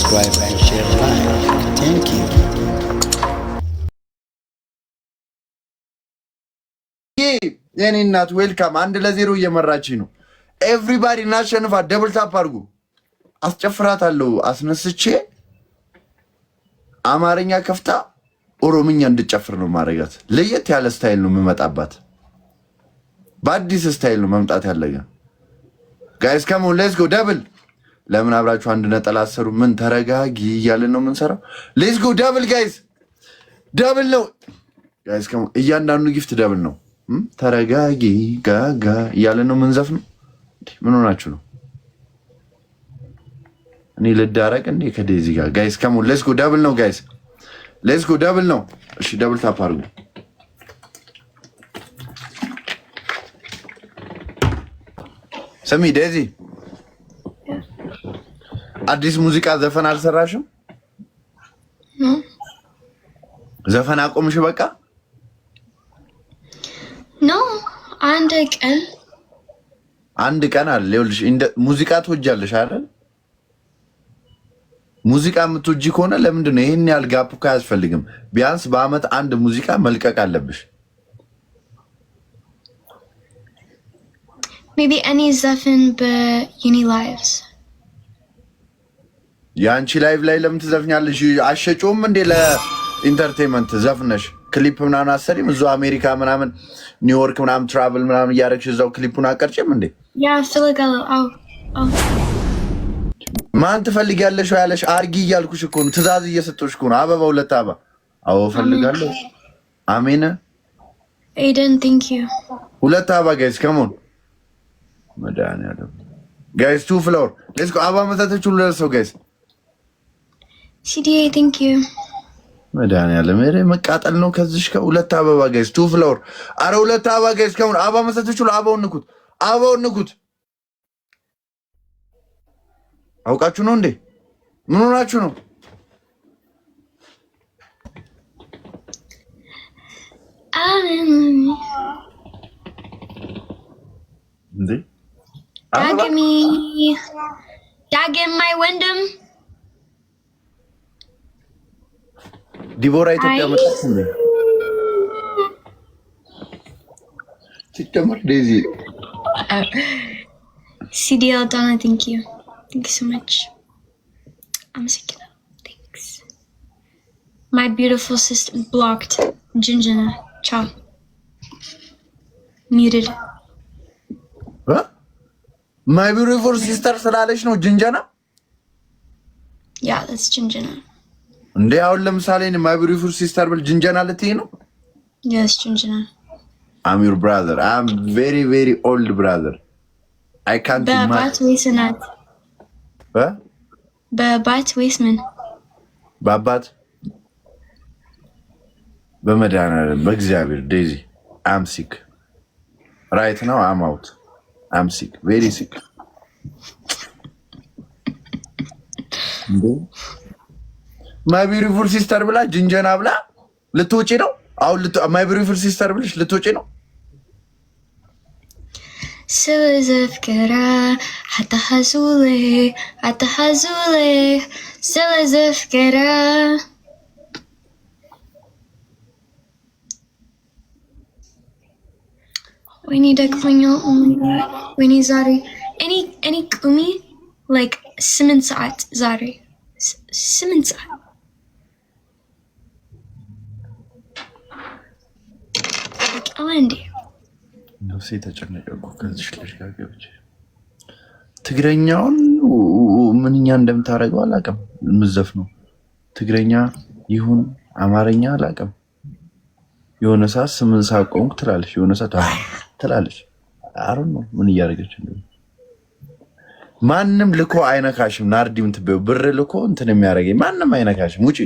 subscribe and share like. Thank you. የኔ እናት ዌልካም አንድ ለዜሮ እየመራች ነው። ኤቭሪባዲ እናሸንፋ። ደብል ታፕ አድርጉ። አስጨፍራታለሁ አስነስቼ አማርኛ ከፍታ ኦሮምኛ እንድጨፍር ነው ማድረጋት። ለየት ያለ ስታይል ነው የምመጣባት። በአዲስ ስታይል ነው መምጣት ያለገ ጋይስ ከመሆን ሌትስ ጎ ደብል ለምን አብራችሁ አንድ ነጠላ አሰሩ? ምን ተረጋጊ እያልን ነው የምንሰራው። ሌትስ ጎ ዳብል ጋይዝ፣ ዳብል ነው ጋይዝ። እያንዳንዱ ጊፍት ደብል ነው። ተረጋጊ ጋጋ እያልን ነው ነው። ምን ሆናችሁ ነው? እኔ ልዳረቅ እንዴ ከዴዚ ጋር ጋይስ? ከሙ ሌትስ ጎ ዳብል ነው ጋይስ፣ ሌትስ ጎ ዳብል ነው። እሺ ዳብል ታፕ አድርጉ። ስሚ ዴዚ አዲስ ሙዚቃ ዘፈን አልሰራሽም? ዘፈን አቆምሽ? በቃ ኖ አንድ ቀን አንድ ቀን አለ። ይኸውልሽ ሙዚቃ ትወጃለሽ አይደል? ሙዚቃ የምትወጂ ከሆነ ለምንድን ነው ይህን ያህል ጋፕ እኮ አያስፈልግም። ቢያንስ በአመት አንድ ሙዚቃ መልቀቅ አለብሽ። ሜይ ቢ እኔ ዘፈን በዩኒ ላይቭስ የአንቺ ላይቭ ላይ ለምን ትዘፍኛለሽ? አሸጩም እንዴ ለኢንተርቴንመንት ዘፍነሽ ክሊፕ ምናምን አሰሪም እዙ አሜሪካ ምናምን ኒውዮርክ ምናምን ትራቭል ምናምን እያደረግሽ እዛው ክሊፑን አቀርጭም እንዴ? ማን ትፈልጊያለሽ ያለሽ አርጊ እያልኩሽ እኮ ነው። ትእዛዝ እየሰጡሽ እኮ ነው። አበባ ሁለት አበባ። አዎ ፈልጋለሁ። አሜን ኤደን ቴንክ ዩ። ሁለት አበባ ጋይስ ከሞን መድኃኒዓለም ጋይስ ቱ ፍላወር ሌስ ጎ አበባ መታተች ሁሉ ለሰው ጋይስ ሲዲኤ ቲንክ ዩ መድኃኒዓለም መቃጠል ነው። ከዚሽ ከሁለት አበባ ጋይስ ቱ ፍላወር አረ ሁለት አበባ ጋይስ ከሁን አበባ መስጠት ትችሉ። አበባውን ንኩት፣ አበባውን ንኩት። አውቃችሁ ነው እንዴ? ምን ሆናችሁ ነው? ዳግሚ ዳግም ማይ ወንድም ዲቦራ ኢትዮጵያ መጣች እንዴ? ሲጀመር ዴዚ ሲዲ አውጣና ቴንክ ዩ ቴንክ ዩ ሶ ማች አመሰግናለሁ። ቴንክስ ማይ ቢዩቲፉል ሲስተር ብሎክድ ጅንጅና ቻው ሚውትድ ማይ ቢዩቲፉል ሲስተር ስላለች ነው ጅንጀና ያ ሌትስ ጅንጀና እንደ አሁን ለምሳሌ ማይ ቢዩቲፉል ሲስተር ብል ጅንጀና ልትይ ነው? የስ ጅንጀና አም ዩር ብራዘር አም ቬሪ ቬሪ ኦልድ ብራዘር አይ ካንት በባት ዌስ ናት በ በባት ዌስ ምን በአባት በመድኃኒዓለም በእግዚአብሔር ዴዚ አም ሲክ ራይት ነው አም አውት አም ሲክ ቬሪ ሲክ ማይ ቢዩቲፉል ሲስተር ብላ ጅንጀና ብላ ልትወጪ ነው አሁን። ማይ ቢዩቲፉል ሲስተር ብልሽ ልትወጪ ነው። ስለዘፍቅራ ወይኔ ደክሞኛል። oh ወይኔ ዛሬ እኔ ቁሚ ላይክ ስምንት ሰዓት ዛሬ ስምንት ሰዓት አሁን እንዴ ነፍሴ እኮ ከዚህ ልጅ ጋር ገብቼ ትግረኛውን ምንኛ እንደምታደርገው አላውቅም። ምዘፍ ነው ትግረኛ ይሁን አማርኛ አላውቅም። የሆነ ሰዓት ስምን ሳቆምኩ ትላለች፣ የሆነ ሰዓት ትላለች። አሩን ነው ምን እያደረገች ማንም ልኮ አይነካሽም። ናርዲ ምትበዩ ብር ልኮ እንትን የሚያደርገኝ ማንም አይነካሽም። ውጪ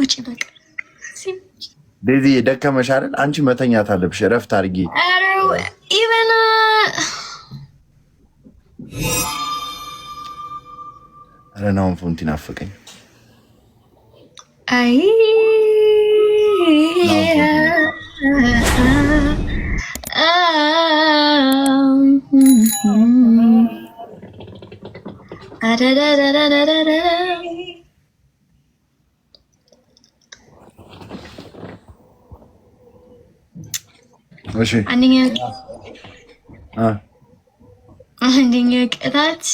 ውጪ በቃ ዴዚ ደከመሽ አይደል? አንቺ መተኛት አለብሽ። እረፍት አድርጊ። ኢቨን ረናውን ፎንቲ ናፈቀኝ። አይ አዳዳዳዳዳዳ እሺ አንደኛ አ አንደኛ ቅጣት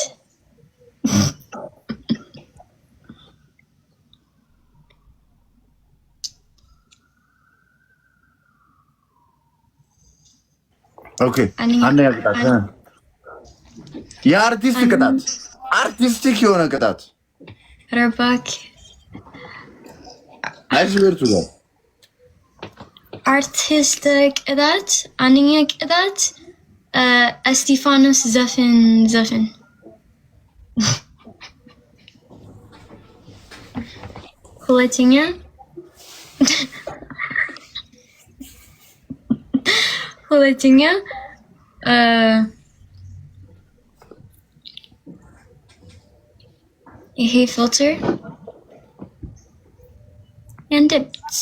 ኦኬ አንደኛ ቅጣት የአርቲስት ቅጣት አርቲስቲክ የሆነ ቅጣት ረባክ አይስብርቱ ጋር አርቲስት ቅዳት አንደኛ ቅዳት እስጢፋኖስ ዘፍን ዘፍን ሁለተኛ ሁለተኛ ይሄ ፊልተር and it's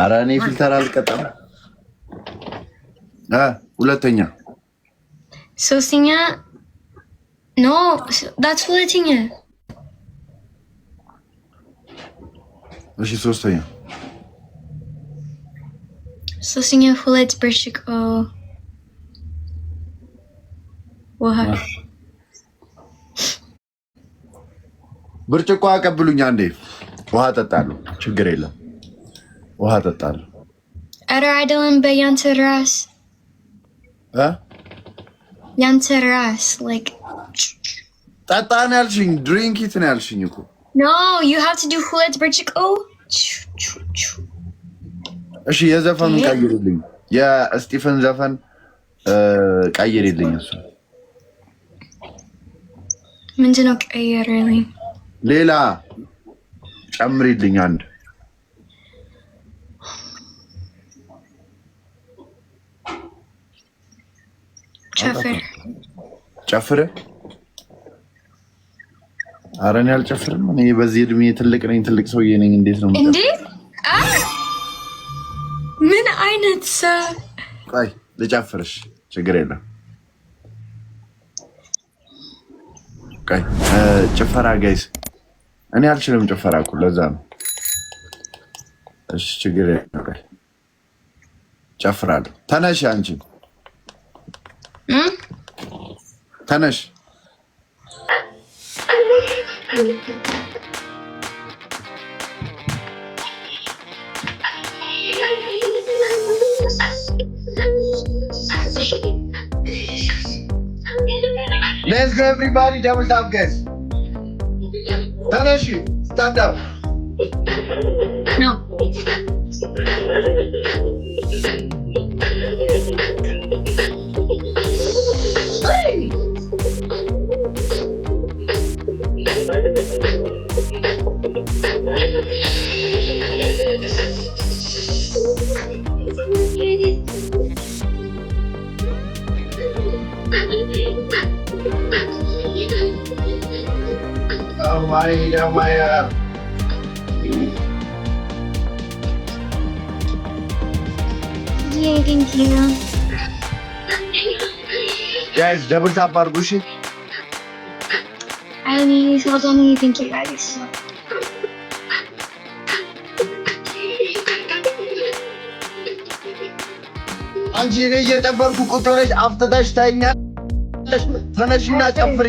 ኧረ እኔ ፊልተር አልቀጣም። ሁለተኛ ሶስተኛ ኖ ዳት ሁለተኛ እሺ ሶስተኛ ሶስተኛ ሁለት ብርጭቆ ውሃ ብርጭቆ አቀብሉኝ አንዴ። ውሃ ጠጣሉ። ችግር የለም ውሃ ጠጣሉ። ኧረ አይደለም በያንተ ራስ ያንተ ራስ ጠጣ ነው ያልሽኝ። ድሪንክ ኢት ነው ያልሽኝ እኮ ኖ ዩ ሃቭ ቱ ዱ ሁለት ብርጭቆ። እሺ የዘፈኑን ቀይርልኝ፣ የስጢፈን ዘፈን ቀይርልኝ። እሱ ምንድነው ቀይርልኝ ሌላ ጨምሪልኝ አንድ ጨፍር። ኧረ እኔ አልጨፍርም። እኔ በዚህ እድሜ ትልቅ ነኝ፣ ትልቅ ሰውዬ ነኝ። እንዴት ነው ምን አይነት ሰው ልጨፍርሽ? ችግር የለም። ጭፈራ ጋይስ እኔ አልችልም ጭፈራ እኮ ለዛ ነው። እሺ ችግር የለውም ጨፍራለሁ። ተነሽ አንቺ ተነሽ Let's go everybody double tap ただし、スタンダップ。No. my, down my, uh, Yeah, thank you. guys, double tap our bushes. I mean, so don't really thank you guys. አንቺ ነሽ የጠበቅኩ ቁጥርሽ አፍትተሽ ተኛ ተነሽና ጨፍሪ።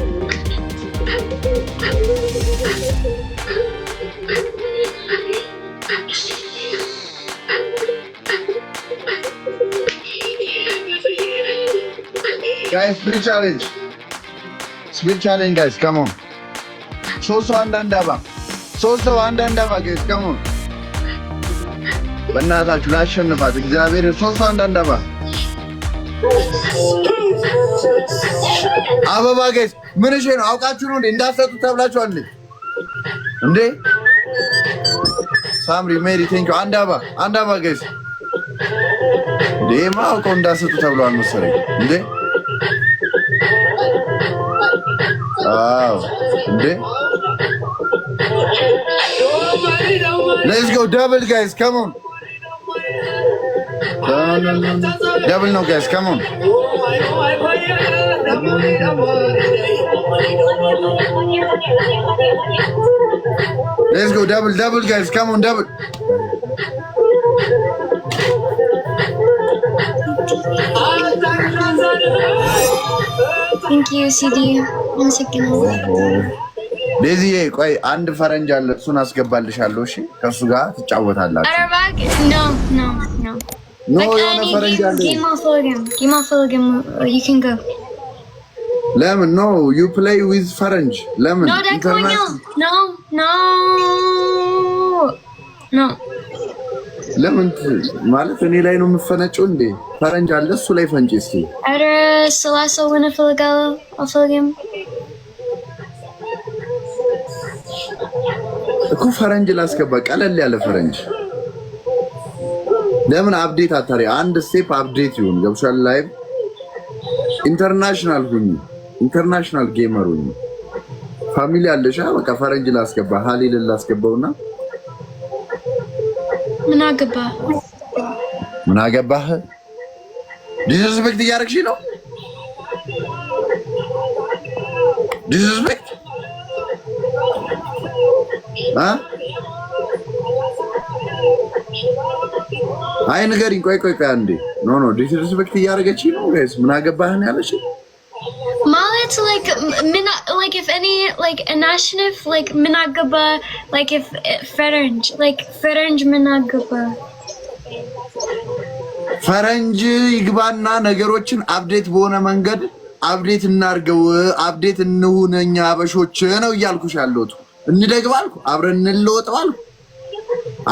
ስፒድ ቻሌንጅ ስፒድ ቻሌንጅ ጋይስ ከሞን ሶስት ሰው አንዳንድ አባ ሶስት ሰው አንዳንድ አባ ጋይስ ከሞን በእናታችሁ ላሸንፋት እግዚአብሔር ሶስት ሰው አንዳንድ አባ አበባ ጋይስ ምን እሺ ነው አውቃችሁ ነው እንዴ እንዳሰጡ ተብላችሁ እንዴ ሳምሪ ሜሪ ቴንክ አንድ አበባ አንድ አበባ ጋይስ እንዴ ማውቀው እንዳሰጡ ተብሏል መሰለኝ እንዴ Oh, let's go, double guys, come on. Double no guys, come on. Let's go, double, double guys, come on, double. ዴዚዬ ቆይ አንድ ፈረንጅ አለ፣ እሱን አስገባልሻለሁ። እሺ ከእሱ ጋር ትጫወታላችሁ። የሆነ ፈረንጅ አለ። ለምን ኖ ዩ ፕሌይ ዊዝ ፈረንጅ ለምን ለምን ማለት እኔ ላይ ነው የምፈነጨው እንዴ? ፈረንጅ አለ እሱ ላይ ፈንጭ እስኪ። ኧረ ስላሰውን እፈልጋለሁ አልፈልግም እኮ ፈረንጅ ላስገባ፣ ቀለል ያለ ፈረንጅ። ለምን አፕዴት አታሪ? አንድ ስቴፕ አፕዴት ይሁን። ገብሻል? ላይ ኢንተርናሽናል ሁኝ፣ ኢንተርናሽናል ጌመር ሁኝ። ፋሚሊ አለሻ። በቃ ፈረንጅ ላስገባ፣ ሀሊልን ላስገባውና አገባህ? ምን አገባህ? ዲስስፔክት እያደረግሽ ነው። ዲስስፔክት አይ ንገሪኝ። ቆይ ቆይ ቆይ አንዴ። ኖ ኖ ዲስስፔክት እያደረገች ነው። ጋይስ ምን አገባህ ነው like if any like initiative like minagaba like if eh, Ferenj like Ferenj Minagaba ፈረንጅ ይግባና ነገሮችን አብዴት በሆነ መንገድ አብዴት እናርገው፣ አብዴት እንሁን እኛ አበሾች ነው እያልኩሽ ያለሁት። እንደግ ባልኩ፣ አብረን እንለወጥ ባልኩ፣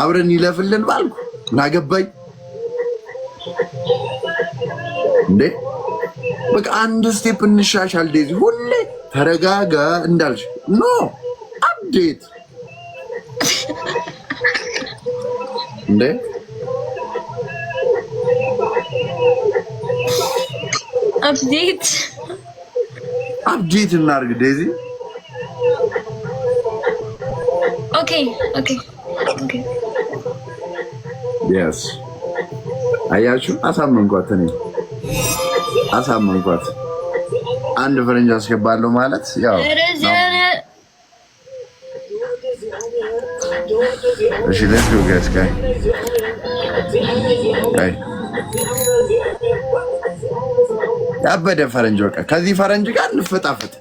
አብረን ይለፍልን ባልኩ፣ ምናገባኝ እንዴ! በቃ አንድ ስቴፕ እንሻሻል። ዴዚ ሁሌ ተረጋጋ እንዳልሽ ኖ አብዴት እንዴ አብዴት አብዴት እናርግ ዴዚ ኦኬ ኦኬ ኦኬ ያስ አያችሁ አሳመንኳት እኔ አሳመንኳት አንድ ፈረንጅ አስገባለሁ ማለት ያው እሺ ሌትስ ጎ ጋይስ ጋይ ጋይ ያበደ ፈረንጅ በቃ ከዚህ ፈረንጅ ጋር እንፈጣፈጥ